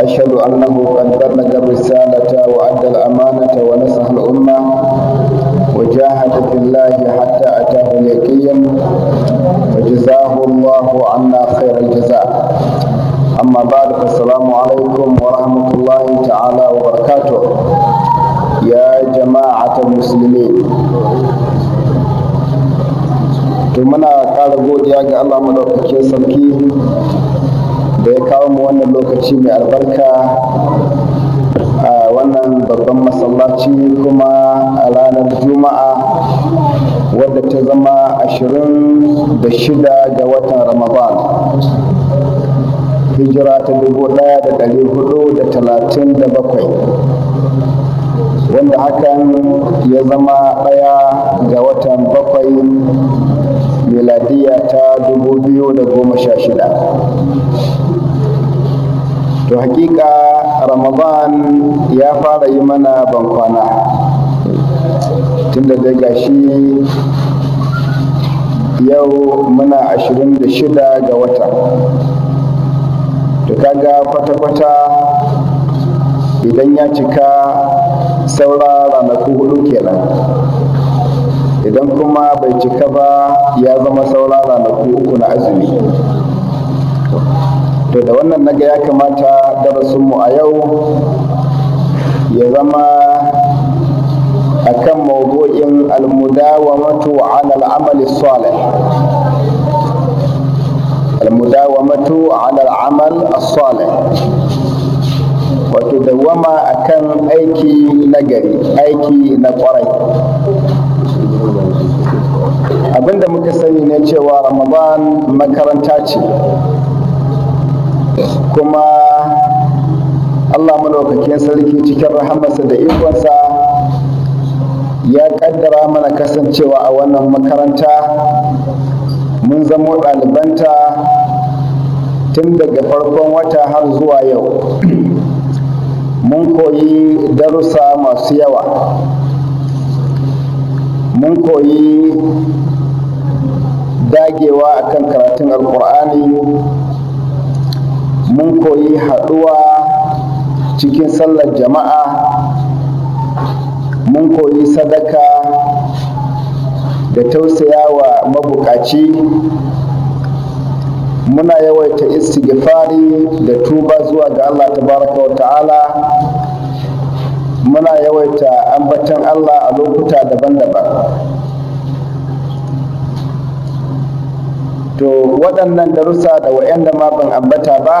أشهد أنه قد بلغ الرسالة وأدى الأمانة ونصح الأمة وجاهد في الله حتى أتاه اليقين فجزاه الله عنا خير الجزاء أما بعد فالسلام عليكم ورحمة الله تعالى وبركاته يا جماعة المسلمين to muna ƙara godiya ga Allah madaukakin da ya kawo mu wannan lokaci mai albarka a wannan babban masallaci kuma a ranar juma'a wadda ta zama ashirin da shida ga watan ramadan hijira ta dubu ɗaya da ɗari hudu da talatin da bakwai wanda hakan ya zama ɗaya ga watan bakwai miladiya ta dubu biyu da goma sha shida to hakika ramadan ya fara yi mana bankwana tunda dai gashi yau muna ashirin da shida ga wata to kaga kwata-kwata idan ya cika saura ranaku hudu kenan idan kuma bai cika ba ya zama saura ranaku uku na azumi to da wannan naga ya kamata darasinmu a yau ya zama akan mawdu'in almudawamatu ala al'amali salih almudawamatu ala al'amal salih wato dawama akan aiki na gari aiki na kwarai abinda muka sani ne cewa ramadan makaranta ce kuma Allah madaukakin sarki cikin rahamarsa da ikonsa ya kaddara mana kasancewa a wannan makaranta mun zamo ɗalibanta tun daga farkon wata har zuwa yau mun koyi darussa masu yawa mun koyi dagewa akan karatun alkur'ani mun koyi haɗuwa cikin sallar jama'a mun koyi sadaka da tausaya wa mabukaci muna yawaita istighfari da tuba zuwa ga Allah tabaraka wa ta'ala muna yawaita ambatan Allah a lokuta daban-daban to waɗannan darussa da waɗanda ma ban ambata ba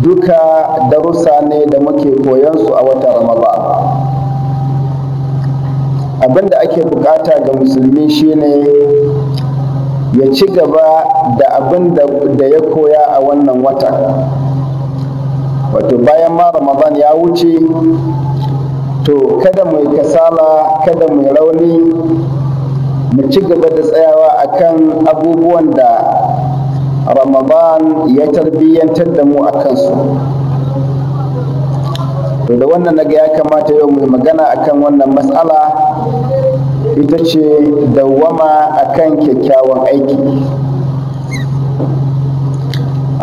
duka darussa ne da muke koyon su a wata ramadan abin da ake bukata ga musulmi shine ya ci gaba da abin da ya koya a wannan watan wato bayan ma ramadan ya wuce to kada mai kasala kada mai rauni mu ci gaba da tsayawa akan abubuwan da ramadan ya tarbiyyantar da mu a kansu to da wannan naga ya kamata yau mai magana akan wannan matsala ita ce dawwama akan kyakkyawan aiki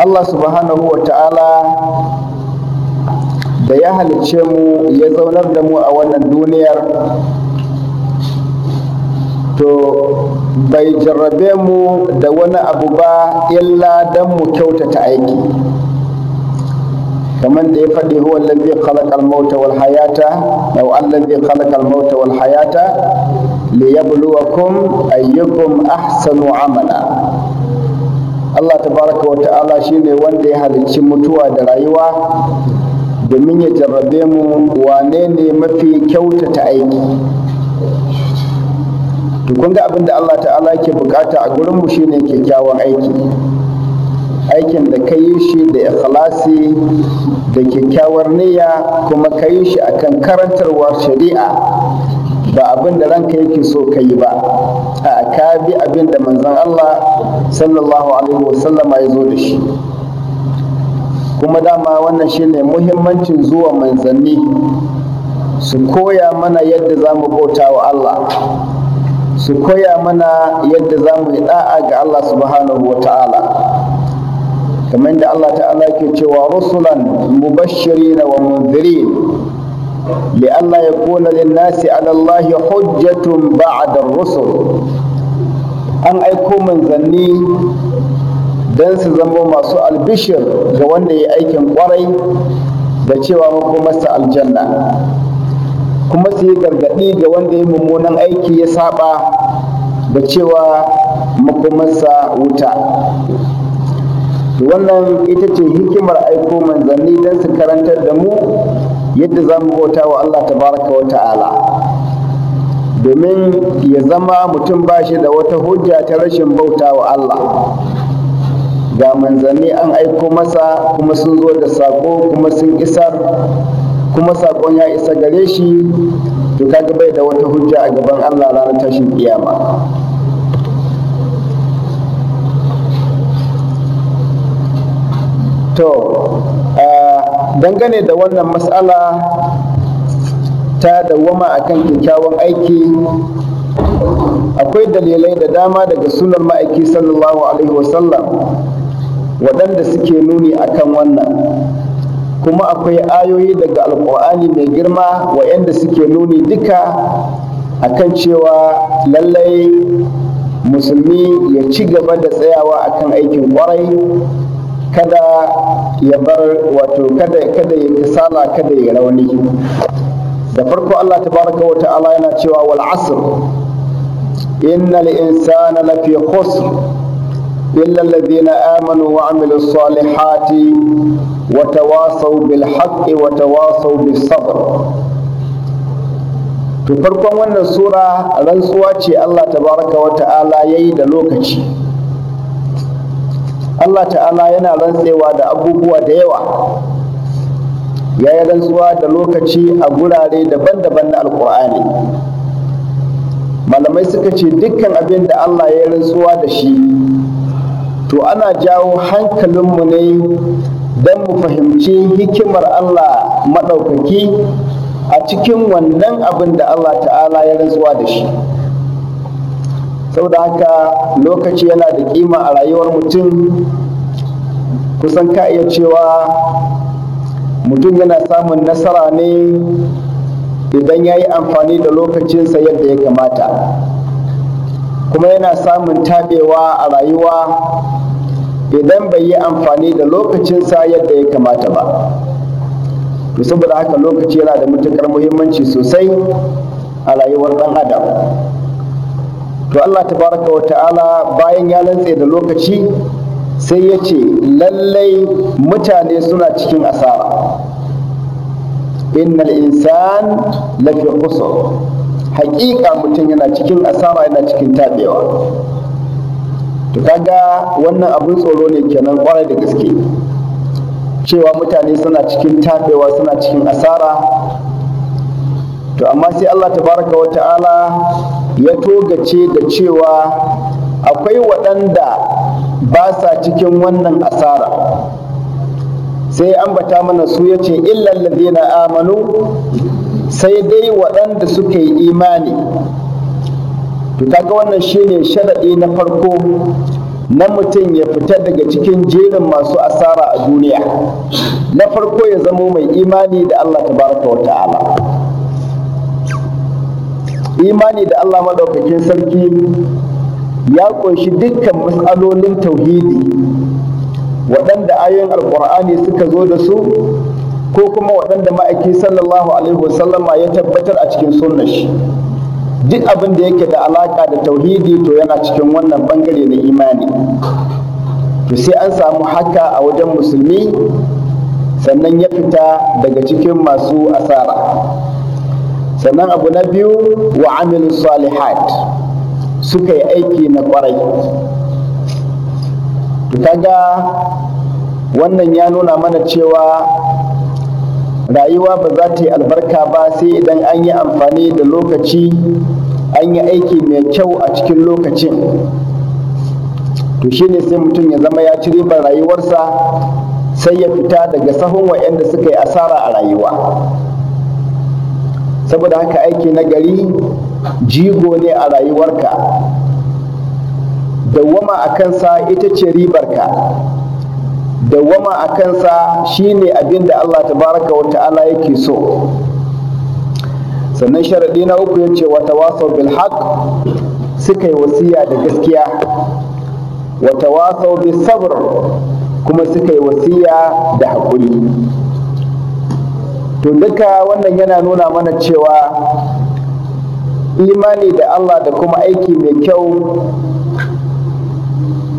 Allah subhanahu wa ta'ala da ya halicce mu ya zaunar da mu a wannan duniyar to bai jarrabe mu da wani abu ba illa don mu kyautata aiki kamar da ya faɗi huwa allazi khalaqa al-mauta wal hayata aw allazi khalaqa al-mauta wal hayata liyabluwakum ayyukum ahsanu amala Allah tabaraka wa ta'ala shine wanda ya halicci mutuwa da rayuwa domin ya jarrabe mu wane ne mafi kyautata aiki to kun abin da Allah ta'ala ke bukata a gurin mu shine kyakkyawan aiki aikin da ka yi shi da ikhlasi da kyakkyawar niyya kuma ka yi shi akan karantarwar shari'a ba abin da ranka yake so ka yi ba a ka bi abin da manzon Allah sallallahu alaihi wasallama ya zo da shi kuma dama wannan shine muhimmancin zuwa manzanni su koya mana yadda za mu bauta wa Allah su koya mana yadda za mu yi da'a ga Allah subhanahu wa ta'ala kamar da Allah ta'ala ke cewa rusulan mubashirina wa munzirin لئلا يكون للناس على الله ba'a بعد rusul an aiko manzanni don su zama masu albishir ga wanda ya aikin kwarai da cewa makomarsa aljanna kuma su yi gargaɗi ga wanda ya mummunan aiki ya saba da cewa makomarsa wuta wannan ita ce hikimar aiko manzanni don su karantar da mu yadda za mu bauta wa Allah tabaraka wa ta'ala domin ya zama mutum ba shi da wata hujja ta rashin bauta wa Allah ga manzanni an aiko masa kuma sun zo da sako kuma sun isar kuma saƙon ya isa gare shi to kaga bai da wata hujja a gaban Allah ranar tashin kiyama to dangane da wannan matsala ta dawwama akan kyakkyawan aiki akwai dalilai da dama daga sunan ma'aiki sallallahu alaihi wasallam waɗanda suke nuni akan wannan kuma akwai ayoyi daga alkur'ani mai girma yadda suke nuni duka akan cewa lallai musulmi ya ci gaba da tsayawa akan aikin kwarai kada ya bar wato kada kada ya kasala kada ya rauni da farko Allah tabaraka wa ta'ala yana cewa wal asr innal insana lafi khusr إلا الذين آمنوا وعملوا الصالحات وتواصوا بالحق وتواصوا بالصبر to farkon wannan sura rantsuwa ce Allah tabaraka wa ta'ala ya yi da lokaci Allah ta'ala yana rantsewa da abubuwa da yawa ya yi rantsuwa da lokaci a gurare daban-daban na alkur'ani malamai suka ce dukkan abin da Allah ya yi rantsuwa da shi to ana jawo hankalinmu ne don mu fahimci hikimar Allah maɗaukaki a cikin wannan abin da Allah ta'ala ya rantsuwa da shi saboda haka lokaci yana da ƙima a rayuwar mutum kusan ka cewa mutum yana samun nasara ne idan ya yi amfani da lokacinsa yadda ya kamata kuma yana samun taɓewa a rayuwa idan bai yi amfani da lokacinsa yadda ya kamata ba to saboda haka lokaci yana da matukar muhimmanci sosai a rayuwar ɗan adam to allah tabaraka wa ta'ala bayan ya lantse da lokaci sai ya ce lallai mutane suna cikin asara innal insan lafi qusur haƙiƙa mutum yana cikin asara yana cikin taɓewa to kaga wannan abin tsoro ne kenan kwarai da gaske cewa mutane suna cikin taɓewa suna cikin asara to amma sai Allah tabaraka wa ta'ala ya togace da cewa akwai waɗanda ba sa cikin wannan asara sai an bata mana su yace illal ladina amanu sai dai waɗanda suka yi imani to kaga wannan shine sharaɗi na farko na mutum ya fita daga cikin jerin masu asara a duniya na farko ya zama mai imani da Allah tabaraka ta'ala imani da Allah maɗaukakin sarki ya ƙunshi dukkan matsalolin tauhidi waɗanda ayoyin alƙur'ani suka zo da su ko kuma waɗanda ma'aiki sallallahu alaihi wasallama ya tabbatar a cikin sunnar shi duk abin da yake da alaƙa da tauhidi to yana cikin wannan bangare na imani to sai an samu haka a wajen musulmi sannan ya fita daga cikin masu asara sannan abu na biyu wa amilu salihat suka yi aiki na kwarai to kaga wannan ya nuna mana cewa rayuwa ba za ta yi albarka ba sai idan an yi amfani da lokaci an yi aiki mai kyau a cikin lokacin to shine sai mutum ya zama ya ci ribar rayuwarsa sai ya fita daga sahun waɗanda suka yi asara a rayuwa saboda haka aiki na gari jigo ne a rayuwarka dawwama a kansa ita ce ribarka dawwama a kansa shine abin da Allah tabaraka wa ta'ala yake so sannan sharaɗi na uku yace wa tawasaw bil haqq suka yi wasiya da gaskiya wa tawasaw bis kuma suka yi wasiya da haƙuri to duka wannan yana nuna mana cewa imani da Allah da kuma aiki mai kyau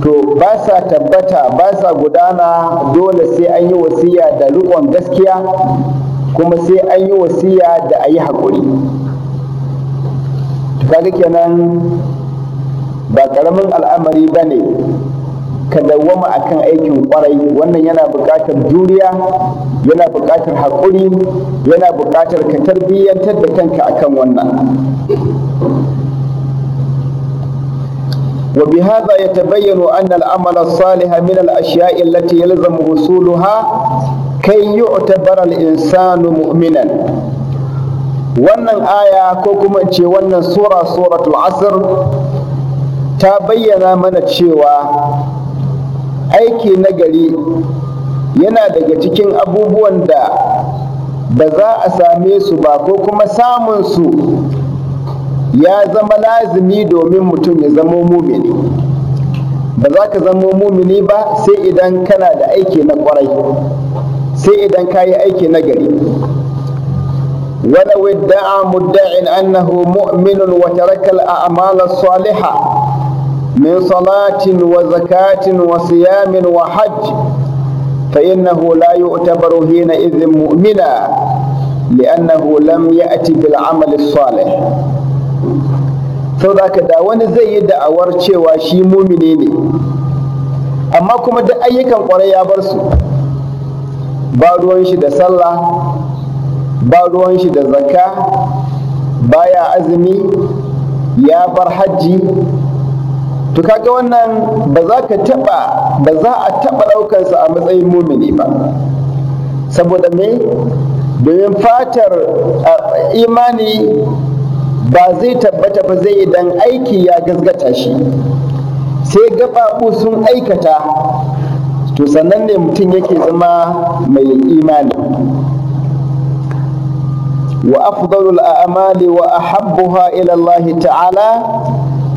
to ba sa tabbata ba sa gudana dole sai an yi wasiya da riƙon gaskiya kuma sai an yi wasiya da a yi haƙuri kaga kenan ba ƙaramin al'amari ba ne ka dawwama kan aikin kwarai wannan yana buƙatar juriya yana buƙatar haƙuri yana buƙatar ka tarbiyyantar da kanka a kan wannan وبهذا يتبين أن العمل الصالح من الأشياء التي يلزم وصولها كي يعتبر الإنسان مؤمنا wannan aya ko kuma in ce wannan sura suratul asr ta bayyana mana cewa aiki nagari yana daga cikin abubuwan da ba za a same su ba ko kuma samun su ya zama lazimi domin mutum ya zamo mumini ba za ka zamo mumini ba sai idan kana da aiki na kwarai sai idan ka yi aiki na gari ولو ادعى مدع أنه مؤمن وترك الأعمال الصالحة من صلاة وزكاة وصيام وحج فإنه لا يعتبر حينئذ مؤمنا لأنه لم يأت بالعمل الصالح sau da aka da wani zai yi da'awar cewa shi mumine ne amma kuma duk ayyukan kwarai ya bar su ba ruwan shi da sallah ba ruwan shi da zakka baya azumi ya bar hajji to kaga wannan ba za ka taba ba za a taba ɗaukarsa a matsayin mumini ba saboda me domin fatar imani ba zai tabbata ba zai idan aiki ya gazgata shi sai gaɓaɓu sun aikata to sannan ne mutum yake zama mai imani wa afdalul a'mali wa ahabbuha ila Allah ta'ala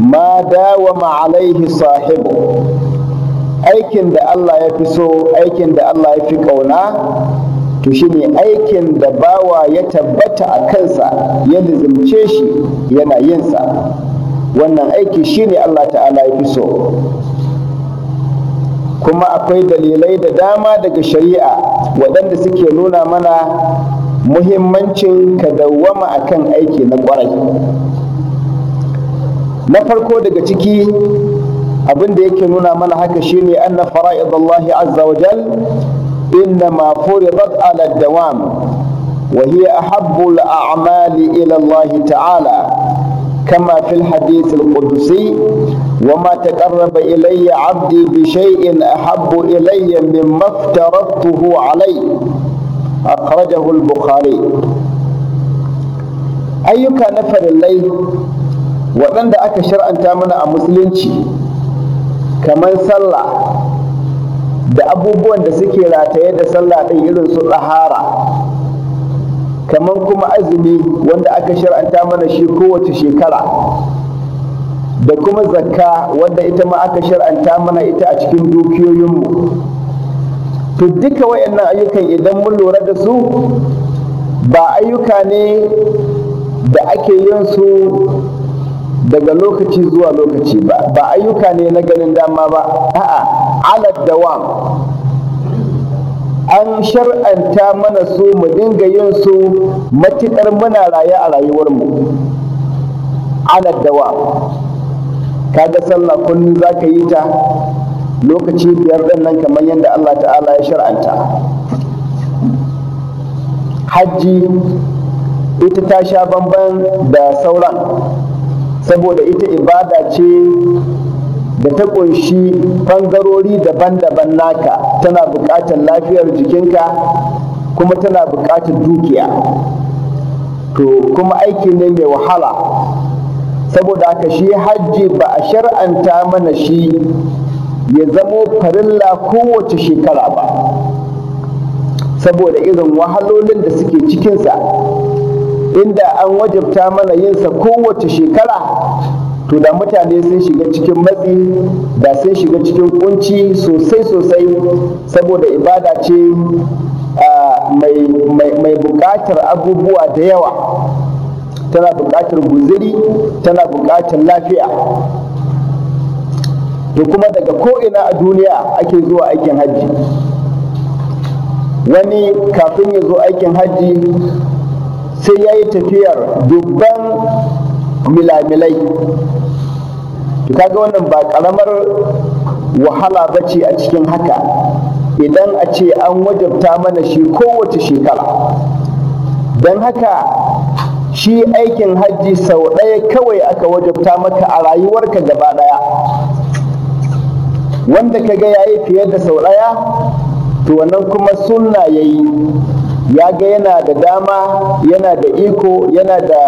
ma ma alaihi sahibu aikin da Allah ya fi so aikin da Allah ya fi kauna to shi ne aikin da bawa ya tabbata a kansa ya lizimce shi yana yinsa wannan aiki shi ne Allah ta'ala ya fi so kuma akwai dalilai da dama daga shari'a waɗanda suke nuna mana muhimmancin ka dawwama akan aiki na ƙwarai na farko daga ciki abin da yake nuna mana haka shine anna Allah azza wa jal إنما فرضت على الدوام وهي أحب الأعمال إلى الله تعالى كما في الحديث القدسي وما تقرب إلي عبدي بشيء أحب إلي مما افترضته عليه أخرجه البخاري ايك نفر الليل وعند اكشر shar'anta mana a كمن صلى da abubuwan da suke rataye da sallah ɗin irin su tsahara kamar kuma azumi wanda aka shar'anta mana shi kowace shekara da kuma zakka wanda ita ma aka shar'anta mana ita a cikin dukiyoyinmu to duka wayannan ayyukan idan mun lura da su ba ayyuka ne da ake yin su daga lokaci zuwa lokaci ba ba ayyuka ne na ganin dama ba a'a ala dawam an shar'anta mana su mu dinga yin su matuƙar muna raye a rayuwarmu ala dawam kaga sallah kullum za ka yi ta lokaci biyar ɗin nan kamar yadda Allah ta'ala ya shar'anta hajji ita ta sha bamban da sauran saboda ita ibada ce da ta ƙunshi ɓangarori daban-daban naka tana buƙatar lafiyar jikinka kuma tana buƙatar dukiya to kuma aiki ne mai wahala saboda haka shi hajji ba a shar'anta mana shi ya zamo farilla kowace shekara ba saboda irin wahalolin da suke cikinsa inda an wajabta mana yinsa kowace shekara to da mutane sun shiga cikin matsi da sun shiga cikin kunci sosai sosai saboda ibada ce mai buƙatar abubuwa da yawa tana buƙatar guziri tana buƙatar lafiya To kuma daga ko'ina a duniya ake zuwa aikin hajji wani kafin ya zo aikin hajji sai ya yi tafiyar dubban milamilai kaga wannan ba karamar wahala ba ce a cikin haka idan a ce an wajabta mana shi kowace shekara don haka shi aikin hajji sau ɗaya kawai aka wajabta maka a rayuwarka gaba ɗaya wanda ka ga yi fiye da sau ɗaya to wannan kuma sunna yi. ya ga yana da dama yana da iko yana da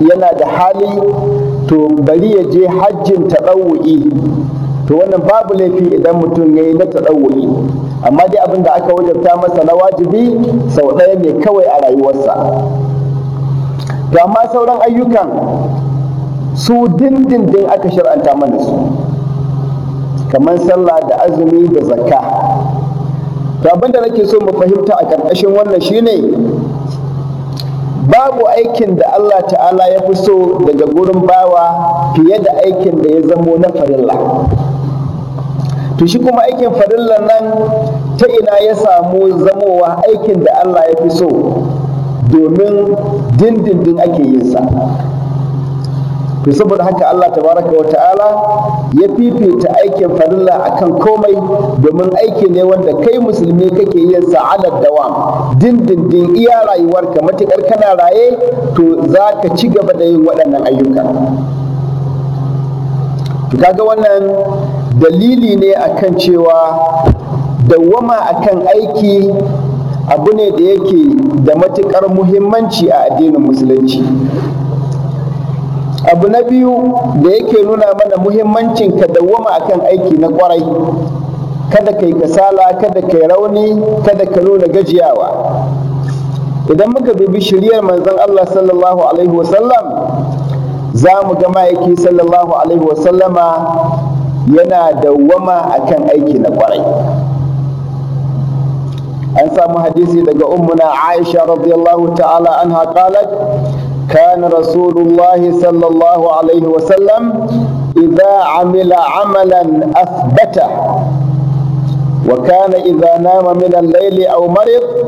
yana da hali to bari ya je hajjin taɗawu'i to wannan babu laifi idan mutum ya yi na taɗawu'i amma dai abin da aka wajabta masa na wajibi sau ɗaya ne kawai a rayuwarsa to amma sauran ayyukan su dindindin aka shir'anta mana su kamar sallah da azumi da zakka to da nake so mu fahimta a ƙarƙashin wannan shine babu aikin da Allah ta'ala ya fi so daga gurin bawa fiye da aikin da ya zamo na farilla to shi kuma aikin farilla nan ta ina ya samu zamowa aikin da Allah ya fi so domin dindindin ake yin sa saboda haka Allah tabaraka wa ta'ala ya fifita aikin farilla akan komai domin aiki ne wanda kai musulmi kake yin sa ala dawam dindindin iya rayuwarka matukar kana raye to za ka ci gaba da yin waɗannan ayyuka kaga wannan dalili ne akan cewa dawwama akan aiki abu ne da yake da matukar muhimmanci a addinin musulunci abu na biyu da yake nuna mana muhimmancin ka dawwama akan aiki na kwarai kada kai kasala kada kai rauni kada ka nuna gajiyawa idan muka dubi shiriyar manzon Allah sallallahu alaihi wasallam za mu ga ma'aiki sallallahu alaihi wasallama yana dawwama akan aiki na kwarai an samu hadisi daga ummuna aisha radiyallahu ta'ala anha qalat كان رسول الله صلى الله عليه وسلم إذا عمل عملا أثبته وكان إذا نام من الليل أو مرض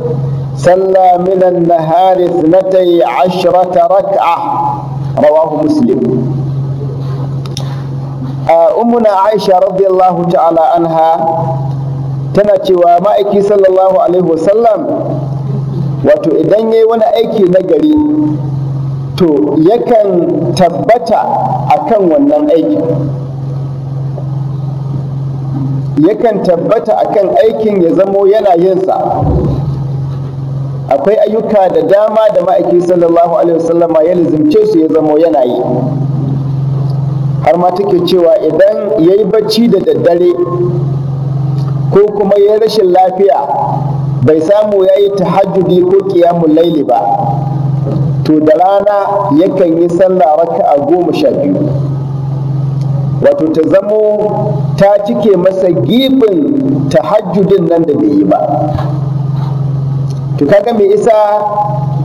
صلى من النهار اثنتي عشرة ركعة رواه مسلم آه، أمنا عائشة رضي الله تعالى عنها تنتي ومائكي صلى الله عليه وسلم wato ونأيكي نجري to yakan tabbata kan wannan aikin yakan tabbata akan aikin ya zamo yana yinsa akwai ayyuka da dama da ma'aiki sallallahu alaihi wasallama ya lizimce su ya zamo yana yi har ma take cewa idan ya yi bacci da daddare ko kuma ya rashin lafiya bai samu ya yi tahajjudi ko ƙiyamu laili ba to da rana yakan yi sallah a goma sha biyu wato ta zamo ta cike masa gibin hajjudin nan da bai yi ba to kaga mai isa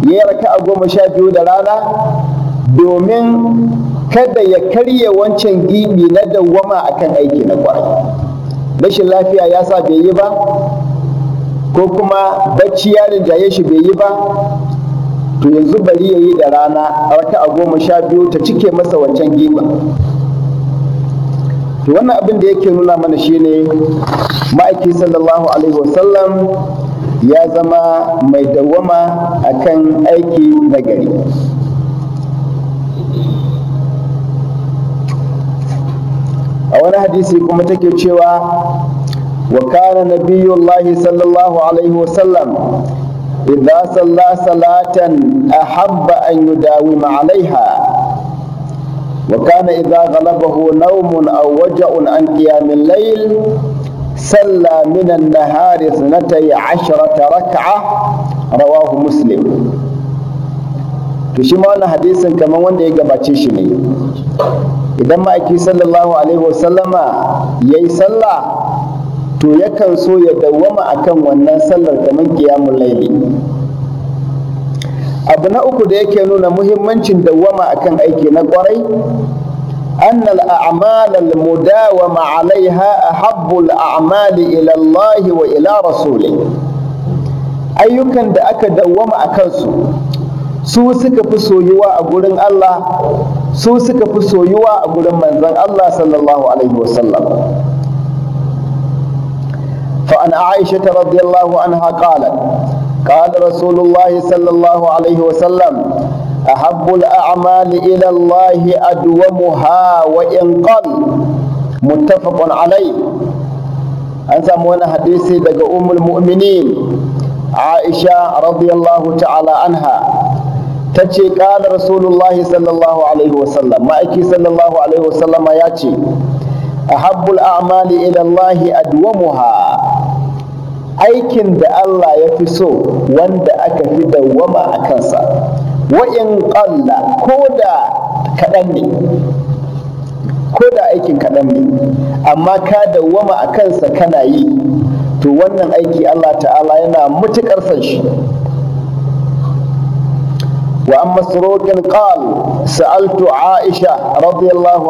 ya yi raka a goma sha biyu da rana domin kada ya karya wancan gibi na dawwama akan aiki na kwa. rashin lafiya ya sa bai yi ba ko kuma bacci ya rinjaye shi bai yi ba to yanzu bari ya da rana a wata a goma sha biyu ta cike masa wancan gima. to wannan abin da yake nuna mana shine ma'aiki sallallahu alaihi wasallam ya zama mai dawama kan aiki na gari a wani hadisi kuma take cewa wa kana nabiyullahi sallallahu alaihi wasallam idza salla salatan ahabba an yudawima alaiha wa kana idza ghalabahu nawmun a waj'un an qiyamil layl salla min an-nahari thnatay asharata rak'ah rawahu muslim to shi ma wannan hadisin kaman wanda ya gabace shi ne idan ma aiki sallallahu alaihi wasallama yayi sallah. to yakan so ya dawwama akan wannan sallar kamar kiyamun laili abu na uku da yake nuna muhimmancin dawwama akan aiki na kwarai أن الأعمال المداومة عليها أحب الأعمال إلى الله وإلى رسوله ayyukan da aka dawwama a kansu su suka fi soyuwa a gurin Allah su suka fi soyuwa a gurin manzon Allah sallallahu alaihi wasallam فعن عائشة رضي الله عنها قالت قال رسول الله صلى الله عليه وسلم أحب الأعمال إلى الله أدومها وإن قل متفق عليه أنت من حديثي دق أم المؤمنين عائشة رضي الله تعالى عنها تتشي قال رسول الله صلى الله عليه وسلم ما أكي صلى الله عليه وسلم ياتي أحب الأعمال إلى الله أدومها aikin da Allah ya fi so wanda aka fi dawwama a kansa wa'in ƙalla ko da kaɗan ne ko da aikin kaɗan ne amma ka dawwama a kansa kana yi to wannan aiki Allah ta'ala yana matuƙar son shi وعن مسروق ƙal سألت عائشة Aisha الله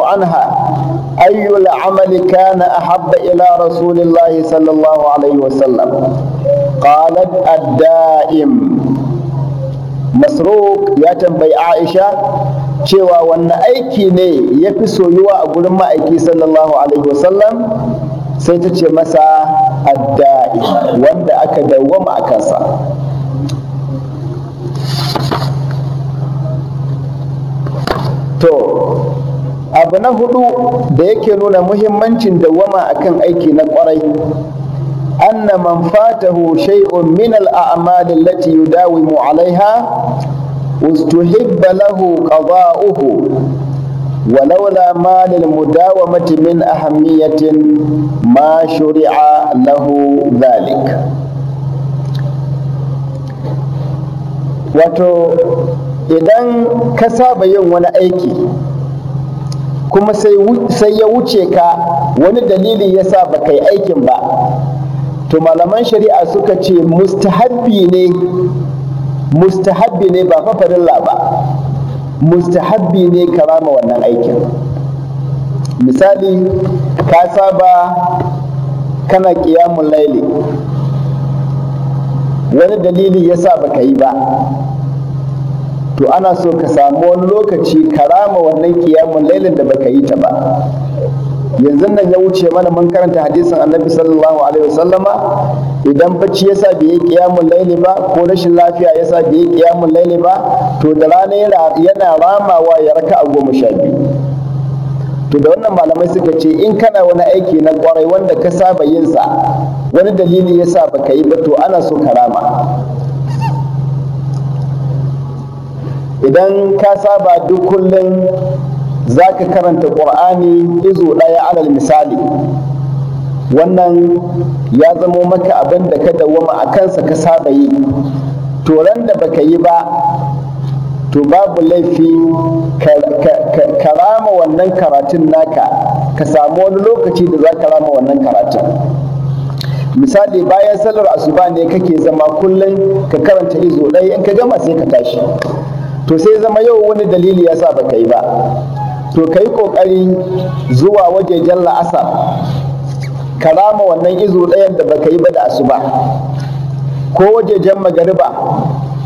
أي العمل كان أحب إلى رسول الله صلى الله عليه وسلم قالت الدائم مسروق cewa wanne aiki ne ya fi soyuwa a gurin ma'aiki sallallahu alaihi wasallam sai ta ce masa adda'i wanda aka dawwama a kansa to abu na hudu da yake nuna muhimmancin dawama akan aiki na kwarai anna man fatahu shay'un min al-a'mal allati yudawimu 'alayha ustuhibba lahu qada'uhu ولولا ما للمداومة من أهمية ما شرع له ذلك wato idan ka saba yin wani aiki kuma sai ya wuce ka wani dalili ya sa ba kai aikin ba to malaman shari'a suka ce mustahabbi ne mustahabbi ne ba fafarilla ba mustahabbi ne karama wannan aikin misali ka saba kana ƙiyamun laili wani dalili ya sa ba ka yi ba to ana so ka samu wani lokaci ka wannan kiyamun lailin da baka yi ta ba yanzu nan ya wuce mana mun karanta hadisin annabi sallallahu alaihi wasallama idan bacci yasa bai yi kiyamun laili ba ko rashin lafiya yasa bai yi kiyamun laili ba to da rana yana ramawa ya raka a goma sha biyu to da wannan malamai suka ce in kana wani aiki na kwarai wanda ka saba yinsa wani dalili yasa baka yi ba to ana so ka rama idan ka saba duk kullum za ka karanta ƙur'ani izo ɗaya alal misali wannan ya zamo maka abin da ka dawama a kansa ka saba yi toron da baka yi ba to babu laifi ka rama wannan karatun naka ka samu wani lokaci da za ka rama wannan karatun misali bayan sallar asuba ne kake zama kullum ka karanta izo ɗaya in ka gama sai ka tashi to sai zama yau wani dalili ya sa baka yi ba to ka yi ƙoƙari zuwa waje jan la'asar ka rama wannan izu ɗayan da baka yi ba da asuba ko waje wajejen magariba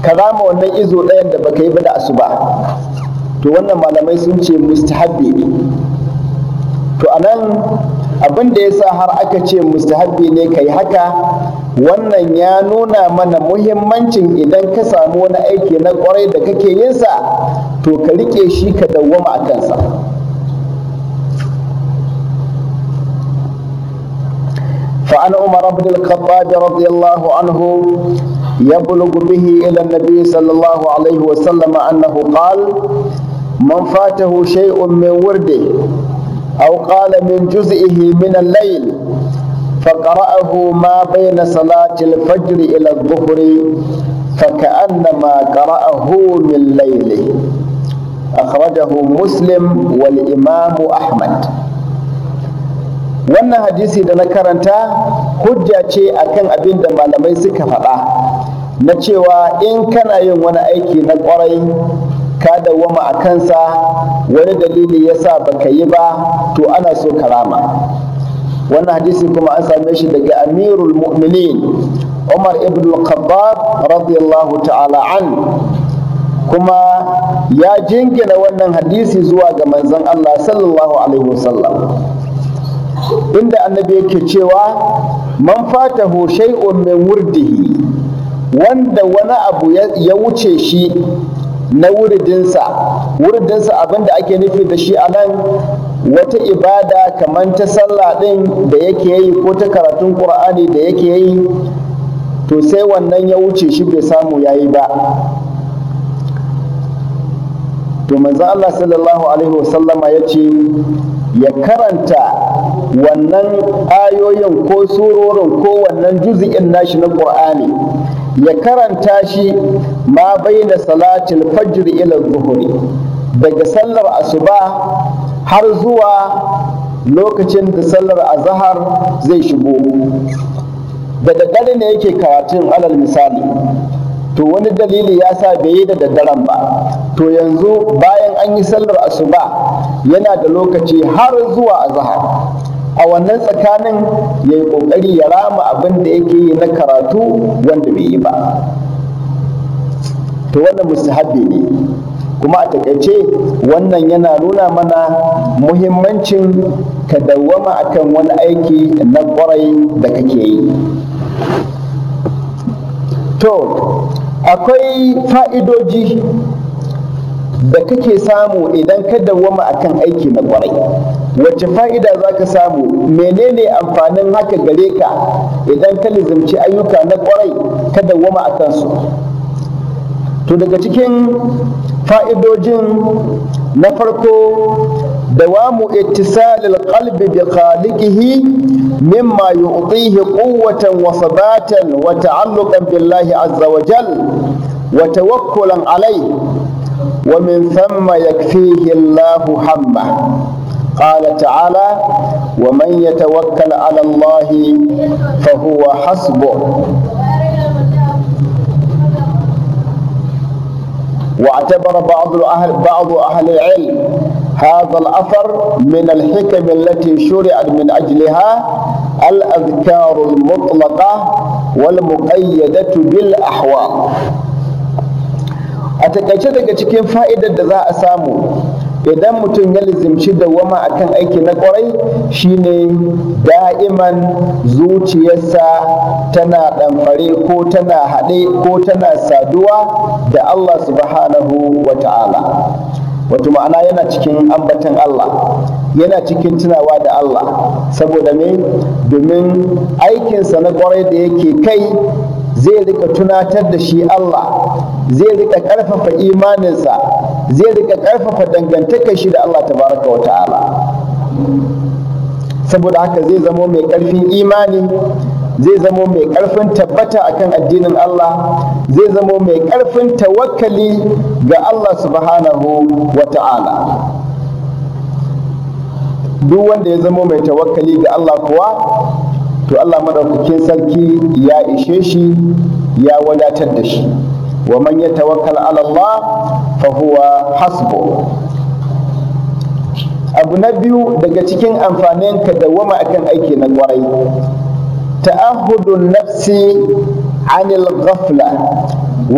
ka rama wannan izu ɗayan da baka yi ba da asuba to wannan malamai sun ce mustahabbi ne to anan abin da ya sa har aka ce mustahabbi ne ka yi haka wannan ya nuna mana muhimmancin idan ka samu wani aiki na kwarai da kake yinsa to ka rike shi ka dawwama a kansa فعن عمر بن الخطاب رضي الله عنه يبلغ به إلى النبي صلى الله عليه وسلم أنه قال من فاته شيء من ورده أو قال من جزئه من الليل فقرأه ما بين صلاة الفجر إلى الظهر فكأنما قرأه من ليله أخرجه مسلم والإمام أحمد wannan hadisi da na karanta hujja ce akan abin da malamai suka faɗa na cewa in kana yin wani aiki na ƙwarai ka dawwama a kansa wani dalili ya sa baka yi ba to ana so karama wannan hadisi kuma an same shi daga amirul mu'minin umar ibn al-khattab radiyallahu ta'ala an kuma ya jingina wannan hadisi zuwa ga manzon Allah sallallahu alaihi wasallam inda annabi yake cewa man fatahu shay'un min wurdihi wanda wani abu ya wuce shi na wuridinsa wuridinsa abinda ake nufi da shi a nan wata ibada kamar ta sallah ɗin da yake yi ko ta karatun ƙur'ani da yake yi to sai wannan ya wuce shi bai samu ya yi ba to manzo Allah sallallahu alaihi wasallama ya ce ya karanta wannan ayoyin ko surorin ko wannan juzi'in nashi na ƙur'ani ya karanta shi ma baina salatin fajr ila zuhuri daga sallar asuba har zuwa lokacin da sallar azahar zai shigo da daddare ne yake karatun alal misali to wani dalili ya sa bai yi da daddaren ba to yanzu bayan an yi sallar asuba yana da lokaci har zuwa azahar a wannan tsakanin ya yi ƙoƙari ya rama abin da yake yi na karatu wanda bai yi ba to wannan mustahabbi ne kuma a takaice wannan yana nuna mana muhimmancin ka dawwama akan wani aiki na ƙwarai da kake yi to akwai fa'idoji da kake samu idan ka dawwama akan aiki na kwarai wacce fa'ida za ka samu menene amfanin haka gare ka idan ka lizimci ayyuka na kwarai ka dawwama a kansu to daga cikin fa'idojin na farko dawamu ittisalil qalbi bi khaliqihi mimma yu'tihi quwwatan wa sabatan wa ta'alluqan billahi azza wa jalla wa tawakkulan alayhi ومن ثم يكفيه الله همه قال تعالى ومن يتوكل على الله فهو حسبه واعتبر بعض أهل بعض أهل العلم هذا الأثر من الحكم التي شرعت من أجلها الأذكار المطلقة والمقيدة بالأحوال a takaice daga cikin fa'idar da za a samu idan mutum ya lizimci wama a kan aiki na kwarai shine da'iman zuciyarsa tana ɗamfare ko tana haɗe ko tana saduwa da Allah subhanahu wa ta'ala wato ma'ana yana cikin ambatan Allah yana cikin tunawa da Allah saboda me domin aikinsa na kwarai da yake kai zai rika tunatar da shi Allah zai rika ƙarfafa imaninsa zai rika ƙarfafa dangantakar shi da Allah tabaraka wa ta'ala saboda haka zai zamo mai ƙarfin imani zai zamo mai ƙarfin tabbata akan addinin Allah zai zamo mai ƙarfin tawakkali ga Allah subhanahu wa ta'ala duk wanda ya zamo mai tawakkali ga Allah kuwa to Allah madaukakin sarki ya ishe shi ya wadatar da shi wa man yatawakkal ala Allah fa huwa hasbu abu na biyu daga cikin amfanin ka wama akan aiki na kwarai ta'ahudun nafsi anil ghafla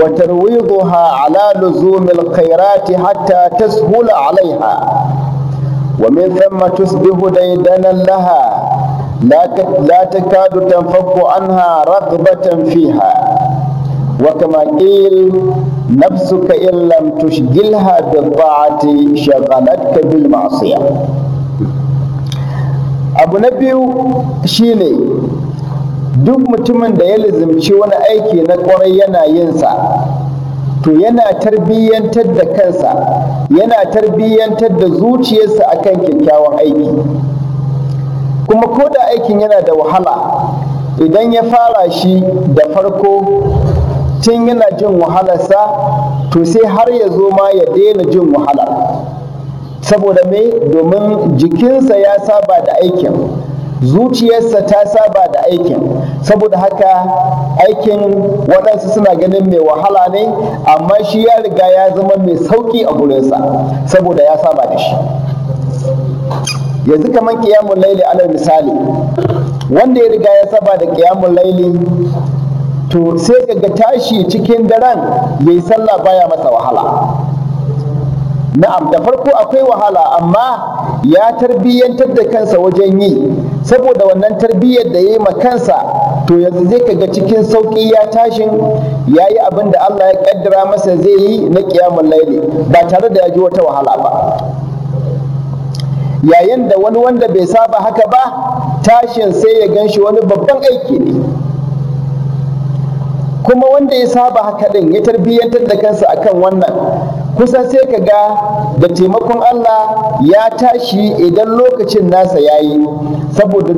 wa tarwidha ala luzumil khairati hatta tashula alaiha wa min thumma tusbihu daydanan laha لا تكاد تنفك عنها رغبة فيها وكما قيل نفسك إن لم تشغلها بالطاعة شغلتك بالمعصية abu na biyu shine duk mutumin da ya lizimci wani aiki na kwarai yana yinsa to yana tarbiyyantar da kansa yana tarbiyyantar da zuciyarsa akan kyakkyawan aiki kuma ko da aikin yana da wahala idan ya fara shi da farko tun yana jin wahalarsa to sai har ya zo ma ya daina jin wahala saboda mai domin jikinsa ya saba da aikin zuciyarsa ta saba da aikin saboda haka aikin waɗansu suna ganin mai wahala ne amma shi ya riga ya zama mai sauƙi a gurinsa saboda ya saba da shi yanzu kamar kiyamun laili alal misali wanda ya riga ya saba da kiyamun laili to sai ga tashi cikin daren ya yi sallah baya masa wahala na'am da farko akwai wahala amma ya tarbiyyantar da kansa wajen yi saboda wannan tarbiyyar da ya yi ma kansa to yanzu zai kaga cikin sauƙi ya tashin ya yi abin da Allah ya ƙaddara masa zai yi na ƙiyamun laili ba tare da ya ji wata wahala ba yayin da wani wanda bai saba haka ba tashin sai ya gan shi wani babban aiki ne kuma wanda ya saba haka ɗin ya tarbiyyantar da kansa akan wannan kusan sai ka ga da taimakon Allah ya tashi idan lokacin nasa ya yi saboda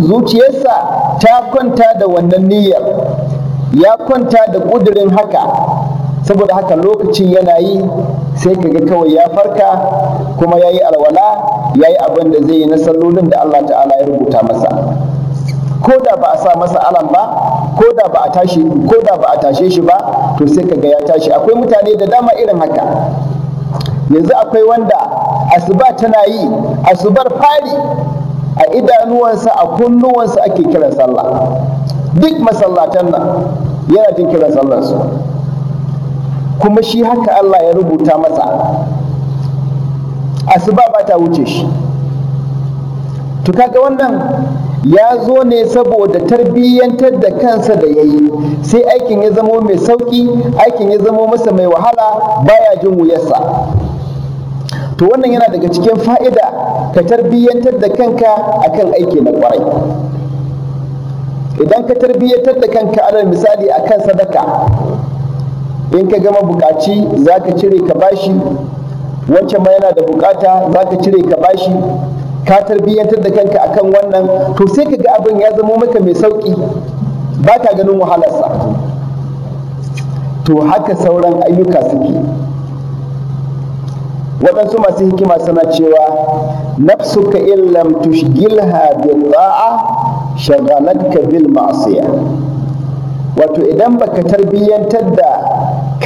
zuciyarsa ta kwanta da wannan niyyar ya kwanta da ƙudurin haka saboda haka lokacin yana yi sai ka ga kawai ya farka kuma ya yi alwala ya yi abin da zai yi na sallolin da Allah ta'ala ya rubuta masa ko da ba a sa masa alam ba ko da ba a tashi ko da ba a tashe shi ba to sai ka ga ya tashi akwai mutane da dama irin haka yanzu akwai wanda asuba tana yi asubar fari a idanuwansa a kunnuwansa ake kiran sallah duk masallatan nan yana jin kiran sallar su. kuma shi haka Allah ya rubuta masa asuba ba ta wuce shi to kaga wannan ya zo ne saboda tarbiyyantar da kansa da ya yi sai aikin ya zamo mai sauƙi aikin ya zamo masa mai wahala baya jin wuyarsa to wannan yana daga cikin fa'ida ka tarbiyyantar da kanka akan aiki na kwarai idan ka tarbiyyantar da kanka alal misali a kan sadaka in ka gama bukaci za ka cire ka bashi wancan ma yana da bukata za ka cire ka bashi ka tarbiyyantar da kanka akan wannan to sai ka ga abin ya zama maka mai sauki ba ka ganin wahalarsa to haka sauran ayyuka suke waɗansu masu hikima suna cewa nafsuka illam tushgilha bil da'a shagalatka bil ma'siya wato idan baka tarbiyyantar da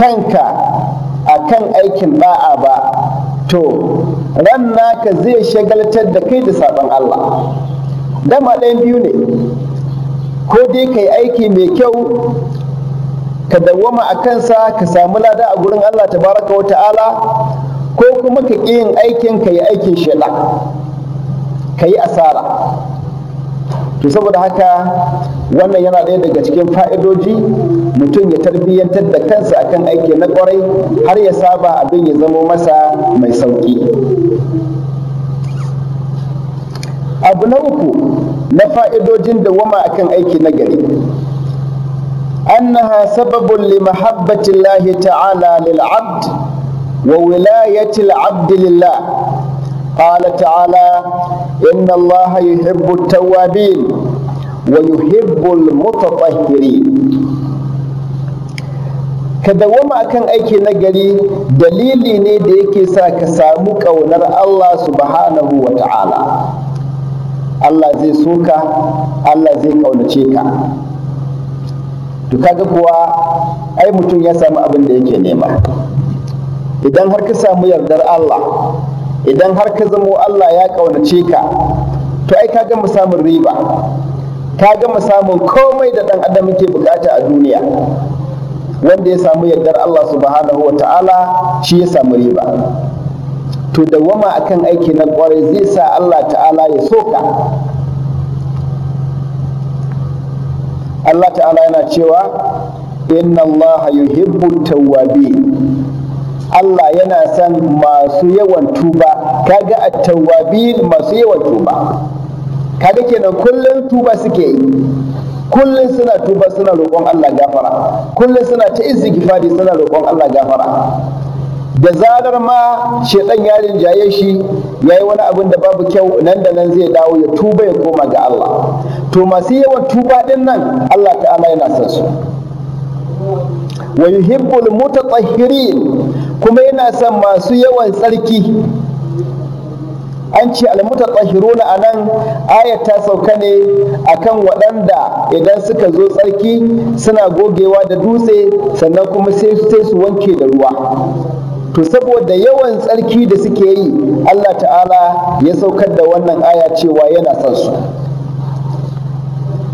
kanka a kan aikin ɗa'a ba to ran naka zai shagaltar da kai da sabon Allah dama ɗayan biyu ne ko dai ka yi aiki mai kyau ka dawwama a kansa ka samu lada a gurin Allah tabaraka wa ta'ala ko kuma ka ƙi yin aikin ka yi aikin shaɗa ka yi asara to saboda haka wannan yana ɗaya daga cikin fa'idoji mutum ya tarbiyyantar da kansa akan aiki na ƙwarai har ya saba abin ya zama masa mai sauƙi abu na uku na fa'idojin wama akan aiki na gari أنها سبب لمحبة الله ta'ala للعبد wilayatil العبد لله قال ta'ala إن الله يحب التوابين ويحب المتطهرين ka dawwama akan aiki na gari dalili ne da yake sa ka samu ƙaunar Allah subhanahu wa Allah zai soka Allah zai ƙaunace ka to kaga kuwa ai mutum ya samu abin da yake nema idan har ka samu yardar Allah idan har ka zamo Allah ya ƙaunace ka to ai ka gama samun riba ka gama samun komai da ɗan adam ke bukata a duniya wanda ya samu yardar Allah subhanahu wa ta'ala shi ya samu riba to dawwama akan aiki na kwarai zai sa Allah ta'ala ya soka Allah ta'ala yana cewa inna Allah yuhibbu tawwabin Allah yana son masu yawan tuba kaga at-tawwabin masu yawan tuba kaga kenan kullum tuba suke yi kullum suna tuba suna roƙon Allah gafara kullum suna ta istighfari suna roƙon Allah gafara da zarar ma shedan ya rinjaye shi yayi wani abin da babu kyau nan da nan zai dawo ya tuba ya koma ga Allah to masu yawan tuba din nan Allah ta'ala yana son su wa yuhibbul mutatahhirin kuma yana son masu yawan tsarki an ce almuta tsahiruna a nan ayata ta sauka ne a kan waɗanda idan suka zo tsarki suna gogewa da dutse sannan kuma sai su wanke da ruwa to saboda yawan tsarki da suke yi Allah ta'ala ya saukar da wannan aya cewa yana son su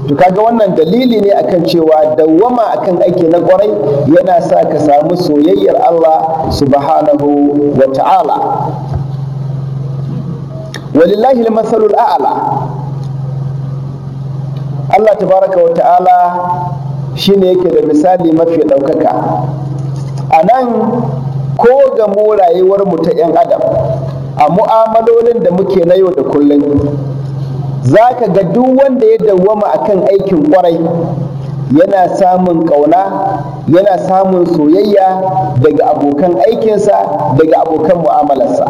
to kaga wannan dalili ne akan cewa dawwama akan aiki na kwarai yana sa ka samu soyayyar Allah subhanahu wa ta'ala walillahi al-masalul a'la Allah tabaraka wa ta'ala shine yake da misali mafi ɗaukaka anan ko ga mu rayuwar mu ta 'yan adam a mu'amalolin da muke na yau da kullum za ka ga duk wanda ya dawwama a kan aikin kwarai, yana samun ƙauna yana samun soyayya daga abokan aikinsa daga abokan mu'amalarsa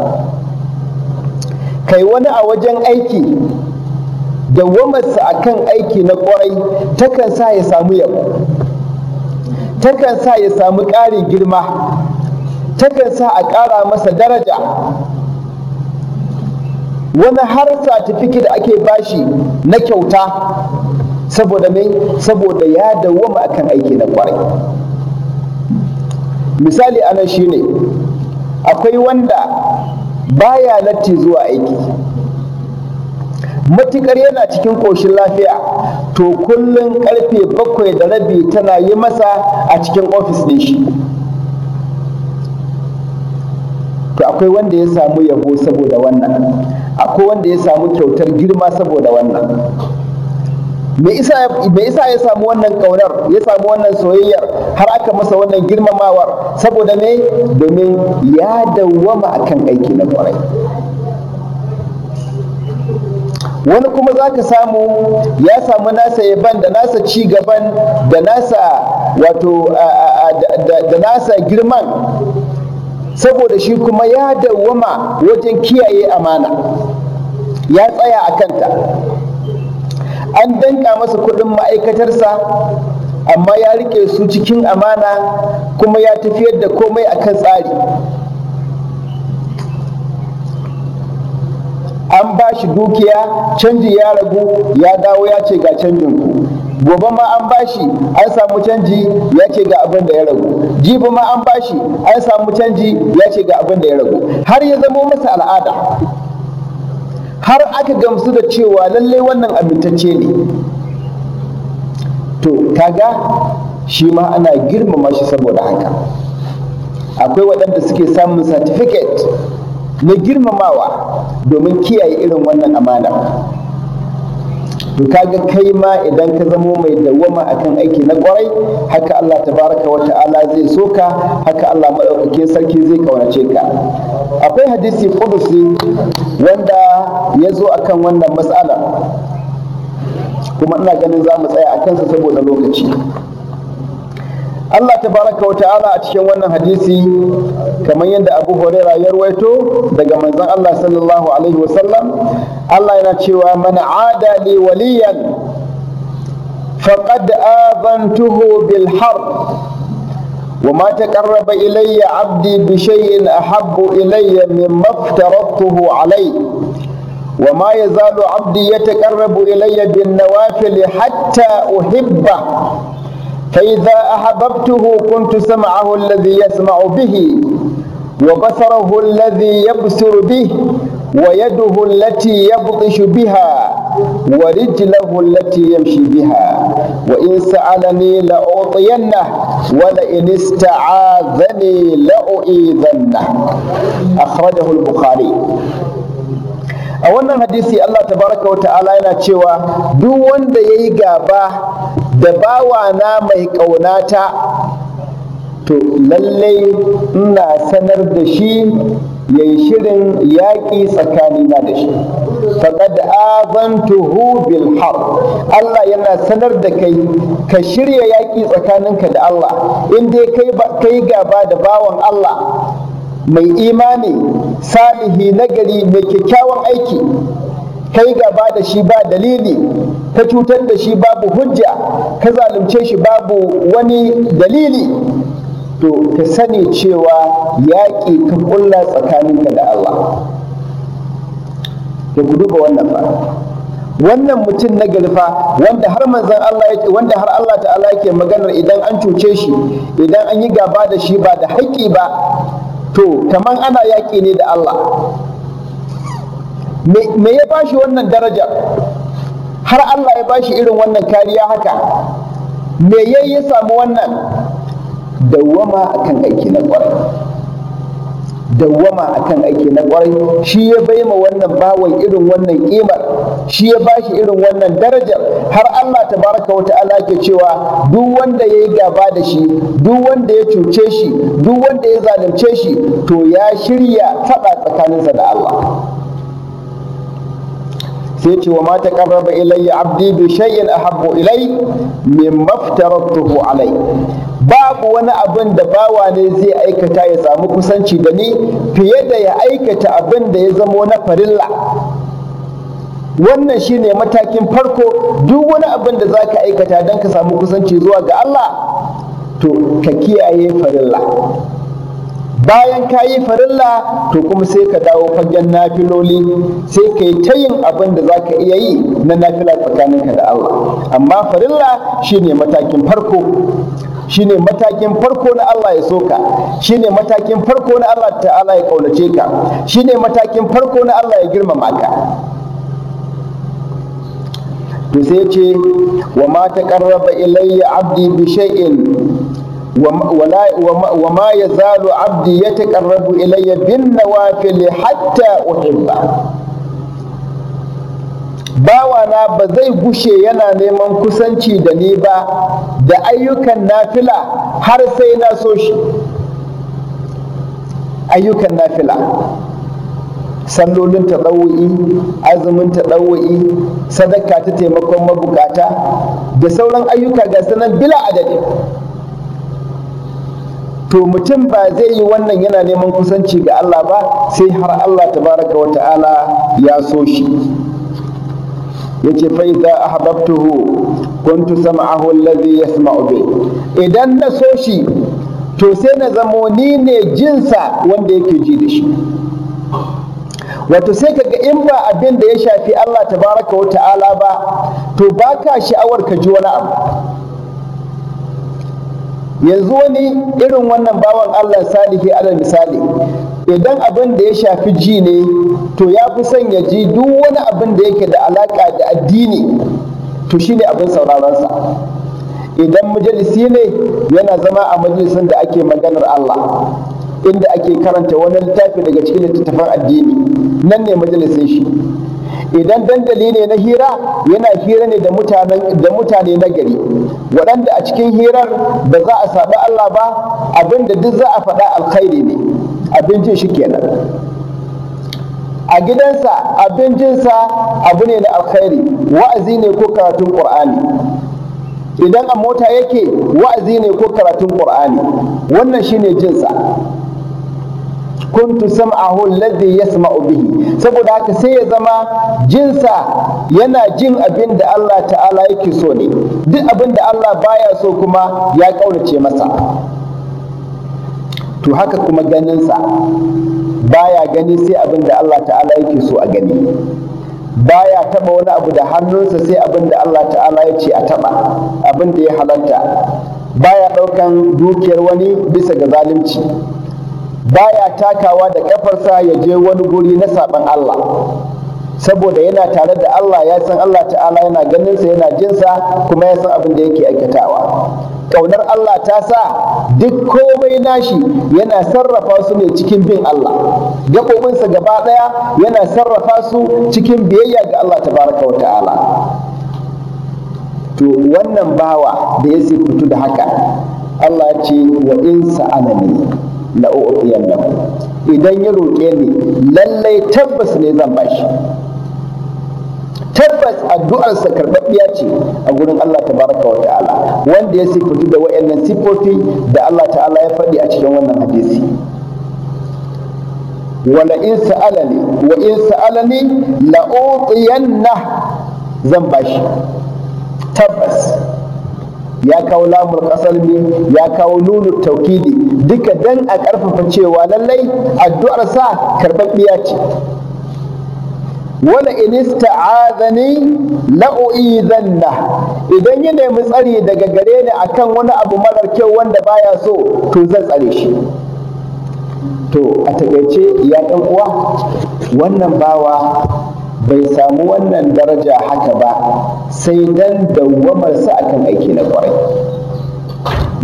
kai wani a wajen aiki dawwamarsa kan aiki na ƙwarai takan sa ya samu yabo takan sa ya samu ƙarin girma takan sa a ƙara masa daraja wani har da ake bashi na kyauta saboda mai saboda ya dawoma akan aiki na kwarai misali anan shine akwai wanda baya latti zuwa aiki matukar yana cikin ƙoshin lafiya to kullum karfe bakwai da rabi tana yi masa a cikin ofis ɗin shi to akwai wanda ya samu yabo saboda wannan akwai wanda ya samu kyautar girma saboda wannan me isa ya samu wannan kaunar ya samu wannan soyayyar har aka masa wannan girmamawar saboda me domin ya dawwama akan aiki na kwarai wani kuma za ka samu ya samu nasa yaban da nasa ci gaban da da nasa girman saboda shi kuma ya dawwama wajen kiyaye amana ya tsaya a kanta an danka masa kuɗin ma'aikatarsa amma ya rike su cikin amana kuma ya tafiyar da komai akan tsari an ba shi dukiya canji ya ragu ya dawo ya ce ga canjin ku gobe ma an bashi an samu canji ya ce ga abin da ya ragu jibi ma an bashi an samu canji ya ce ga abin da ya ragu har ya zamo masa al'ada har aka gamsu da cewa lallai wannan amintacce ne to kaga shi ma ana girmama shi saboda haka akwai waɗanda suke samun certificate na girmamawa domin kiyaye irin wannan amana to kaga kai ma idan ka zamo mai dawwama akan aiki na kwarai haka Allah tabaraka wa ta'ala zai so ka haka Allah madaukakin sarki zai kaunace ka akwai hadisi qudusi wanda ya zo akan wannan matsala kuma ina ganin za mu tsaya a kansa saboda lokaci Allah tabaraka wa ta'ala a cikin wannan hadisi kamar yadda Abu Huraira ya rawaito daga manzon Allah sallallahu alaihi wasallam Allah yana cewa man ada li waliyan faqad azantuhu bil harb وما تقرب إلي عبدي بشيء أحب إلي مما افترضته عليه وما يزال عبدي يتقرب إلي بالنوافل حتى أحبه فإذا أحببته كنت سمعه الذي يسمع به وبصره الذي يبصر به ويده التي يبطش بها ورجله التي يمشي بها وإن سألني لأعطينه ولئن استعاذني لأؤيذنه أخرجه البخاري a wannan hadisi Allah tabaraka wata'ala yana cewa duk wanda ya yi gaba da bawana mai ƙaunata to lallai ina sanar da shi ya yi shirin yaƙi tsakanina da shi da azantuhu bil Allah yana sanar da kai ka shirya yaƙi tsakaninka da Allah inda dai kai gaba da bawan Allah mai imani salihi nagari mai kyakkyawan aiki kai gaba da shi ba dalili ka cutar da shi babu hujja ka zalunce shi babu wani dalili to ka sani cewa yaƙi ka ƙulla tsakaninka da Allah Ka gudu ga wannan fa wannan mutum na garfa wanda har manzon Allah yake wanda har Allah ta'ala yake maganar idan an cuce shi idan an yi gaba da shi ba da haƙƙi ba to kamar ana yaƙi ne da Allah me ya bashi wannan daraja har Allah ya bashi irin wannan kariya haka me ya samu wannan dawwama akan aiki na ƙwarai dawwama akan aiki na kwarai shi ya bai ma wannan bawan irin wannan kimar shi ya ba shi irin wannan darajar har Allah ta wa ta'ala ke cewa duk wanda ya yi gaba da shi duk wanda ya cuce shi duk wanda ya zalunce shi to ya shirya faɗa tsakaninsa da Allah sai ce wa mata qarraba ilayya abdi bi shay'in ahabbu ilay min maftaratuhu alai babu wani abin da bawa ne zai aikata ya samu kusanci da ni fiye da ya aikata abin da ya zamo na farilla wannan shine matakin farko duk wani abin da za ka aikata don ka samu kusanci zuwa ga Allah to ka kiyaye farilla bayan ka yi farilla to kuma sai ka dawo fagen nafiloli sai ka yi ta yin abin da za ka iya yi na nafila tsakaninka da Allah amma farilla shine matakin farko shine matakin farko na Allah ya soka shine matakin farko na Allah ta'ala ya kaunace ka shine matakin farko na Allah ya girmama ka to sai ce wa ma taqarraba ilayya abdi bi shay'in wa ma ya zalu abdi ya taƙarrabu ilayya bin nawafili hatta uhibba bawana ba zai gushe yana neman kusanci da ni ba da ayyukan nafila har sai na so shi ayyukan nafila sallolin taɗawu'i azumin taɗawu'i sadaka ta taimakon mabukata da sauran ayyuka ga sanan bila adadi to mutum ba zai yi wannan yana neman kusanci ga Allah ba sai har Allah tabaraka wa ta'ala ya so shi yace fa idza ahbabtuhu kuntu sam'ahu alladhi yasma'u bi idan na so shi to sai na zamo ni ne jinsa wanda yake ji da shi wato sai kaga in ba abin da ya shafi Allah tabaraka wa ba to baka sha'awar ka ji wani abu yanzu wani irin wannan bawan Allah salihi alal misali idan abin da ya shafi ji ne to ya fi son ya ji duk wani abin da yake da alaka da addini to shine abin sauraronsa idan majalisi ne yana zama a majalisin da ake maganar Allah inda ake karanta wani littafi daga cikin littattafan addini nan ne majalisin shi idan dandali ne na hira yana hira ne da mutanen da mutane na gari waɗanda a cikin hirar ba za a saɓi Allah ba abinda duk za a faɗa alkhairi ne abin jin shi kenan a gidansa abincinsa abu ne na alkhairi wa'azi ne ko karatun qur'ani idan a mota yake wa'azi ne ko karatun ƙur'ani wannan shine jinsa kuntu sam'ahu alladhi yasma'u bihi saboda haka sai ya zama jinsa yana jin abin da Allah ta'ala yake so ne duk abin da Allah baya so kuma ya kaurace masa to haka kuma ganinsa baya gani sai abin da Allah ta'ala yake so a gani baya taba wani abu da hannunsa sai abin da Allah ta'ala ya ce a taba abin da ya halatta baya daukan dukiyar wani bisa ga zalunci baya takawa da ƙafarsa ya je wani guri na saɓan Allah saboda yana tare da Allah ya san Allah ta'ala yana ganinsa yana jinsa kuma ya san abin da yake aikatawa ƙaunar Allah ta sa duk komai nashi yana sarrafa su ne cikin bin Allah gaɓoɓinsa gaba ɗaya yana sarrafa su cikin biyayya ga Allah tabaraka wa ta'ala to wannan bawa da ya fito da haka Allah ce wa in la'u'tiyan nan idan ya roƙe ni lallai tabbas ne zan bashi tabbas addu'arsa karɓaɓɓiya ce a gurin Allah baraka wa ta'ala wanda ya sifatu da wayannan sifofi da Allah ta'ala ya faɗi a cikin wannan hadisi wala in sa'alani wa in sa'alani la zan bashi tabbas ya kawo lamul kasar ne ya kawo nunu taukidi duka dan a ƙarfafa cewa lallai addu'ar sa biya ce wala in ista'adani la u'idanna idan ya nemi tsari daga gare ni akan wani abu marar kyau wanda baya so to zan tsare shi to a takaice ya ɗan uwa wannan bawa bai samu wannan daraja haka ba sai dan dawwamarsa akan aiki na kwarai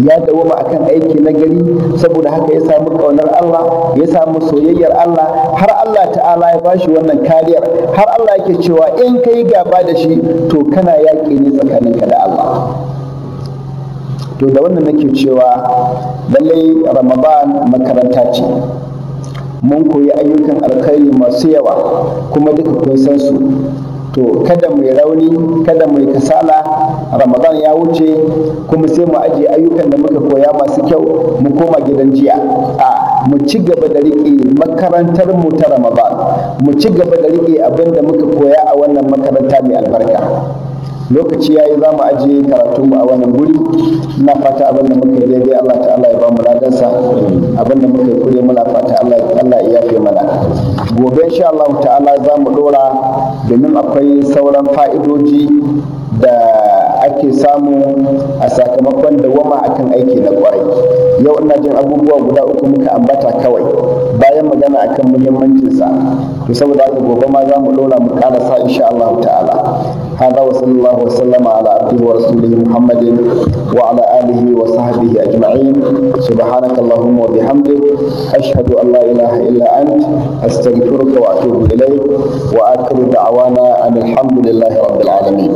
ya dawama akan aiki na gari saboda haka ya samu ƙaunar Allah ya samu soyayyar Allah har Allah ta'ala ya bashi wannan kariyar har Allah yake cewa in kai gaba da shi to kana yaƙi ne tsakaninka da Allah to da wannan nake cewa lallai Ramadan makaranta ce mun koyi ayyukan alkhairi masu yawa kuma duka kun san su to kada mai rauni kada mai kasala ramadan ya wuce kuma sai mu ajiye ayyukan da muka koya masu kyau mu koma gidan jiya a mu ci gaba da riƙe makarantar mu ta ramadan mu ci gaba da riƙe abin da muka koya a wannan makaranta mai albarka lokaci ya yi za mu ajiye karatunmu a wannan guri ina fata abin da muka yi daidai Allah ta'ala ya ba mu ladansa abin da muka yi kure muna fata Allah ya yafe mana gobe insha Allah ta'ala za mu dora domin akwai sauran fa'idoji da ake samu a sakamakon dawama akan aiki na kwarai yau ina jin abubuwa guda uku muka ambata kawai bayan magana akan muhimmancinsa to saboda haka gobe ma za mu dora mu karasa insha Allah ta'ala هذا وصلى الله وسلم على عبده ورسوله محمد وعلى آله وصحبه أجمعين سبحانك اللهم وبحمدك أشهد أن لا إله إلا أنت أستغفرك وأتوب إليك وآخر دعوانا أن الحمد لله رب العالمين